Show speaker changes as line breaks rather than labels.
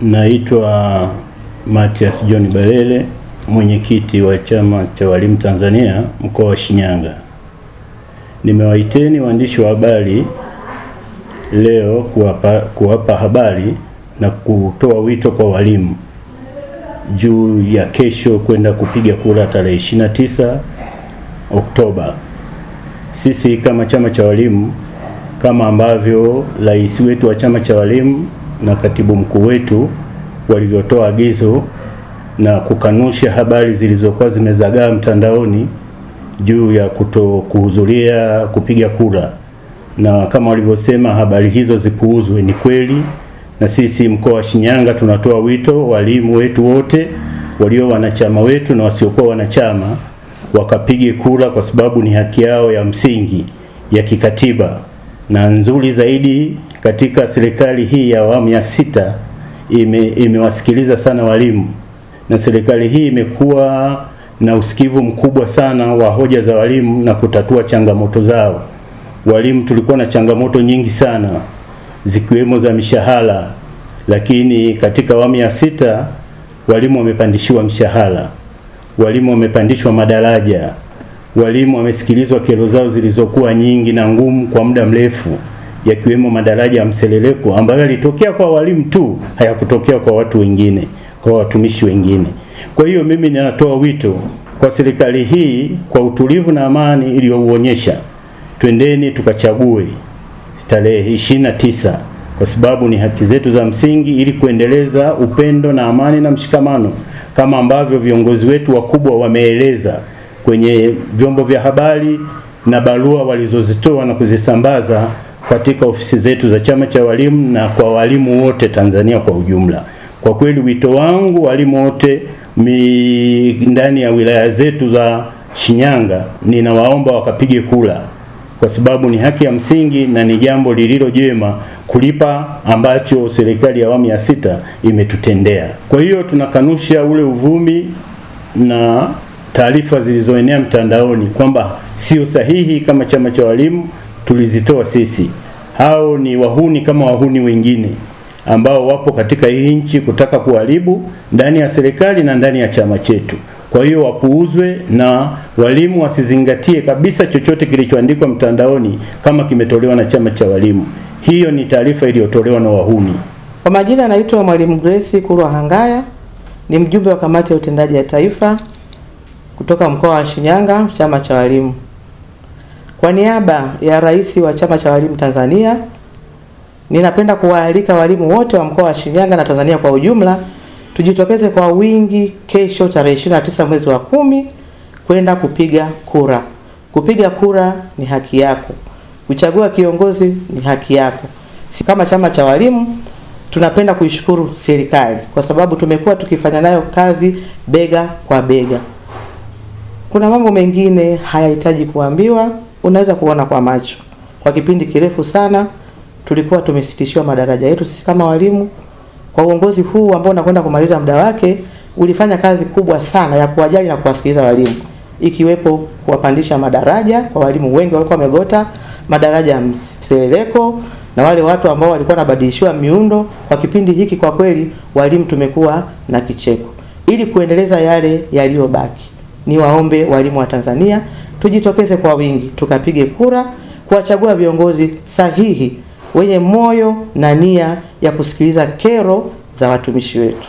Naitwa matias John Balele, mwenyekiti wa chama cha walimu Tanzania mkoa wa Shinyanga. Nimewaiteni waandishi wa habari leo kuwapa, kuwapa habari na kutoa wito kwa walimu juu ya kesho kwenda kupiga kura tarehe 29 Oktoba. Sisi kama chama cha walimu, kama ambavyo rais wetu wa chama cha walimu na katibu mkuu wetu walivyotoa agizo na kukanusha habari zilizokuwa zimezagaa mtandaoni juu ya kuto kuhudhuria kupiga kura, na kama walivyosema habari hizo zipuuzwe. Ni kweli, na sisi mkoa wa Shinyanga tunatoa wito walimu wetu wote walio wanachama wetu na wasiokuwa wanachama wakapige kura, kwa sababu ni haki yao ya msingi ya kikatiba na nzuri zaidi katika serikali hii ya awamu ya sita ime, imewasikiliza sana walimu na serikali hii imekuwa na usikivu mkubwa sana wa hoja za walimu na kutatua changamoto zao. Walimu tulikuwa na changamoto nyingi sana zikiwemo za mishahara, lakini katika awamu ya sita walimu wamepandishiwa mshahara, walimu wamepandishwa madaraja, walimu wamesikilizwa kero zao zilizokuwa nyingi na ngumu kwa muda mrefu yakiwemo madaraja ya mseleleko ambayo yalitokea kwa walimu tu, hayakutokea kwa watu wengine, kwa watumishi wengine. Kwa hiyo mimi ninatoa wito kwa serikali hii, kwa utulivu na amani iliyouonyesha, twendeni tukachague tarehe tisa kwa sababu ni haki zetu za msingi, ili kuendeleza upendo na amani na mshikamano kama ambavyo viongozi wetu wakubwa wameeleza kwenye vyombo vya habari na barua walizozitoa na kuzisambaza katika ofisi zetu za chama cha walimu na kwa walimu wote Tanzania kwa ujumla. Kwa kweli wito wangu walimu wote ndani ya wilaya zetu za Shinyanga, ninawaomba wakapige kula, kwa sababu ni haki ya msingi na ni jambo lililo jema kulipa ambacho serikali ya awamu ya sita imetutendea. Kwa hiyo tunakanusha ule uvumi na taarifa zilizoenea mtandaoni kwamba sio sahihi kama chama cha walimu tulizitoa sisi. Hao ni wahuni kama wahuni wengine ambao wapo katika hii nchi kutaka kuharibu ndani ya serikali na ndani ya chama chetu. Kwa hiyo wapuuzwe na walimu wasizingatie kabisa chochote kilichoandikwa mtandaoni kama kimetolewa na chama cha walimu. Hiyo ni taarifa iliyotolewa na wahuni.
Kwa majina anaitwa Mwalimu Grace Kulwa Hangaya, ni mjumbe wa kamati ya utendaji ya taifa kutoka mkoa wa Shinyanga, chama cha walimu. Kwa niaba ya rais wa chama cha walimu Tanzania, ninapenda kuwaalika walimu wote wa mkoa wa Shinyanga na Tanzania kwa ujumla tujitokeze kwa wingi kesho tarehe 29 mwezi wa kumi kwenda kupiga kura. Kupiga kura ni haki yako, kuchagua kiongozi ni haki yako. Kama chama cha walimu tunapenda kuishukuru serikali kwa sababu tumekuwa tukifanya nayo kazi bega kwa bega. Kuna mambo mengine hayahitaji kuambiwa unaweza kuona kwa macho. Kwa kipindi kirefu sana tulikuwa tumesitishiwa madaraja yetu sisi kama walimu. Kwa uongozi huu ambao unakwenda kumaliza muda wake, ulifanya kazi kubwa sana ya kuwajali na kuwasikiliza walimu, ikiwepo kuwapandisha madaraja kwa walimu wengi walikuwa wamegota madaraja ya mseleleko na wale watu ambao walikuwa wanabadilishiwa miundo. Kwa kipindi hiki kwa kweli walimu tumekuwa na kicheko. Ili kuendeleza yale yaliyobaki, niwaombe walimu wa Tanzania tujitokeze kwa wingi tukapige kura kuwachagua viongozi sahihi wenye moyo na nia ya kusikiliza kero za watumishi wetu.